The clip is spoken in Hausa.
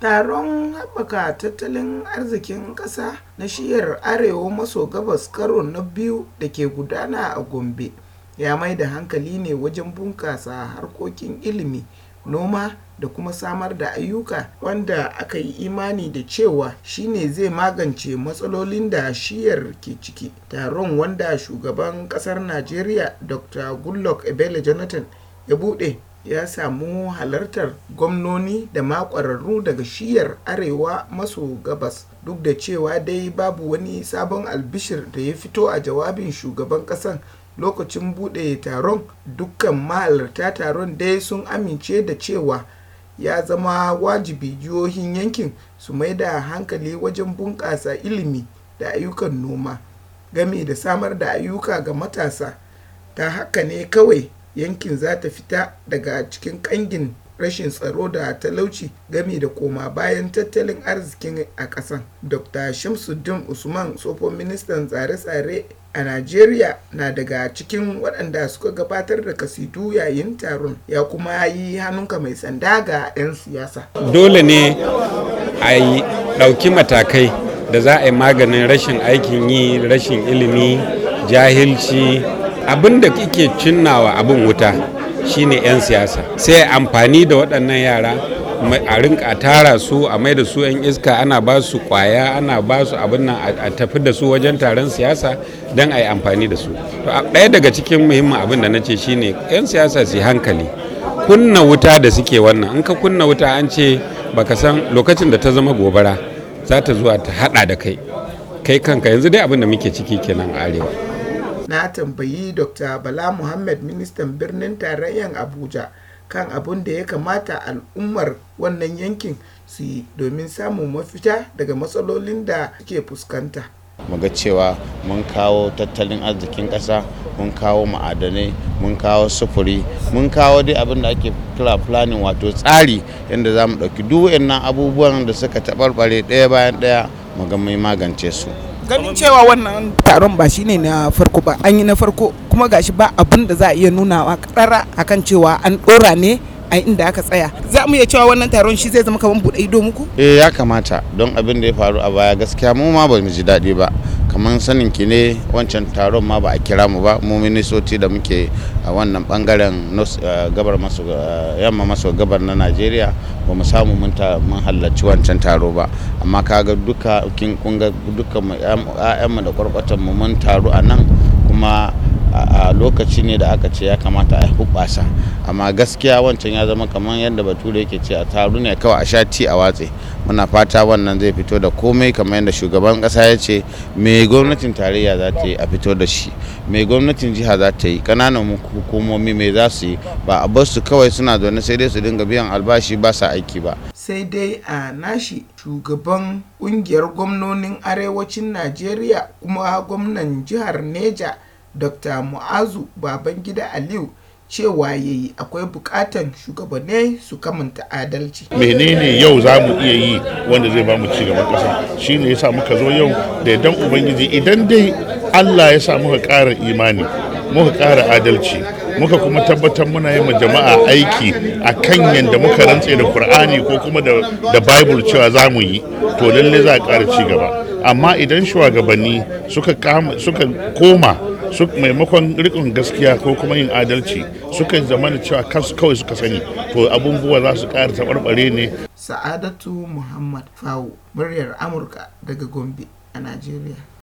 Taron Haɓaka Tattalin Arzikin Ƙasa na Shiyar Arewa maso Gabas karo na biyu da ke gudana a Gombe ya mai da hankali ne wajen bunƙasa harkokin ilimi, noma da kuma samar da ayyuka, wanda aka yi imani da cewa shi ne zai magance matsalolin da shiyar ke ciki. Taron, wanda Shugaban ƙasar Najeriya Dr. Goodluck Ebele Jonathan ya buɗe. ya samu halartar gwamnoni da ma daga shiyar arewa maso gabas duk da cewa dai babu wani sabon albishir da ya fito a jawabin shugaban ƙasan lokacin buɗe taron dukkan mahalarta taron dai sun amince da cewa ya zama wajibi jihohin yankin su mai da hankali wajen bunƙasa ilimi da ayyukan noma game da samar da ayyuka ga matasa ta haka ne kawai yankin za ta fita daga cikin ƙangin rashin tsaro da talauci gami da koma bayan tattalin arzikin a ƙasan. Dr. Shamsuddin Usman tsohon ministan tsare-tsare a Najeriya na daga cikin waɗanda suka gabatar da kasidu yayin taron ya kuma yi hannunka mai sanda ga 'yan siyasa. Dole ne a ɗauki matakai da za a yi maganin rashin aikin yi, rashin ilimi, jahilci, abin da kike cinnawa abin wuta shine 'yan siyasa sai amfani da waɗannan yara a rinka tara su a mai da su 'yan iska ana ba su kwaya ana ba su abin nan a tafi da su wajen taron siyasa don a yi amfani da su To ɗaya daga cikin muhimmin abin da na ce shine 'yan siyasa su hankali kunna wuta da suke wannan in ka kunna wuta an ce baka san lokacin da ta zama gobara za ta zuwa ta hada da kai kai kanka yanzu dai abin da muke ciki kenan a arewa na tambayi dr bala muhammad ministan birnin tarayyan abuja kan abun da ya kamata al'ummar wannan yankin su yi domin samun mafita daga matsalolin da ke fuskanta ga cewa mun kawo tattalin arzikin ƙasa mun kawo ma'adanai mun kawo sufuri mun kawo dai abin da ake kira planning wato tsari yadda za mu ɗauki duk abubuwan da suka taɓarɓare ɗaya bayan ɗaya mu mai magance su ganin cewa wannan taron ba shine na farko ba an yi na farko kuma gashi ba abun da za a iya nunawa karara akan cewa an dora ne a inda aka tsaya za mu iya cewa wannan taron shi zai zama kamar bude ido muku eh ya kamata don abin da ya faru a baya gaskiya mu ma ba ji daɗi ba kamar sanin ki ne wancan taron ma ba a kira mu ba mu ministoci da muke a wannan bangaren eh, gabar maso eh, yamma maso gabar na najeriya ba mu samu mun halarci wancan taro ba amma kaga duka kin kunga dukkan mu da kwarkwatan mu mun taro a nan kuma a lokaci ne da aka ce ya kamata a hubasa amma gaskiya wancan ya zama kamar yadda bature yake ce a taru ne kawai a sha ti a watse muna fata wannan zai fito da komai kamar yadda shugaban kasa ya ce mai gwamnatin tarayya za ta yi a fito da shi mai gwamnatin jiha za ta yi kananan hukumomi mai za su yi ba a bar su kawai suna zaune sai dai su dinga biyan albashi ba sa aiki ba sai dai a nashi shugaban kungiyar gwamnonin arewacin najeriya kuma gwamnan jihar neja dr mu'azu babangida aliyu cewa ya yi akwai bukatan shugabanni su kamanta adalci. menene yau za mu iya yi wanda zai ba mu ci gaban ƙasa shi ne ya sa muka zo yau da idan ubangiji idan dai allah ya sa muka ƙara imani muka ƙara adalci muka kuma tabbatar muna yi ma jama'a aiki a kan yadda muka rantse da kur'ani ko kuma da bible cewa za mu yi to lalle za a ƙara ci gaba amma idan shugabanni suka koma su maimakon rikon gaskiya ko kuma yin adalci suka zama da cewa kansu kawai suka sani to abubuwa za su ƙara taɓarɓare ne sa'adatu muhammad fawo muryar amurka daga gombe a najeriya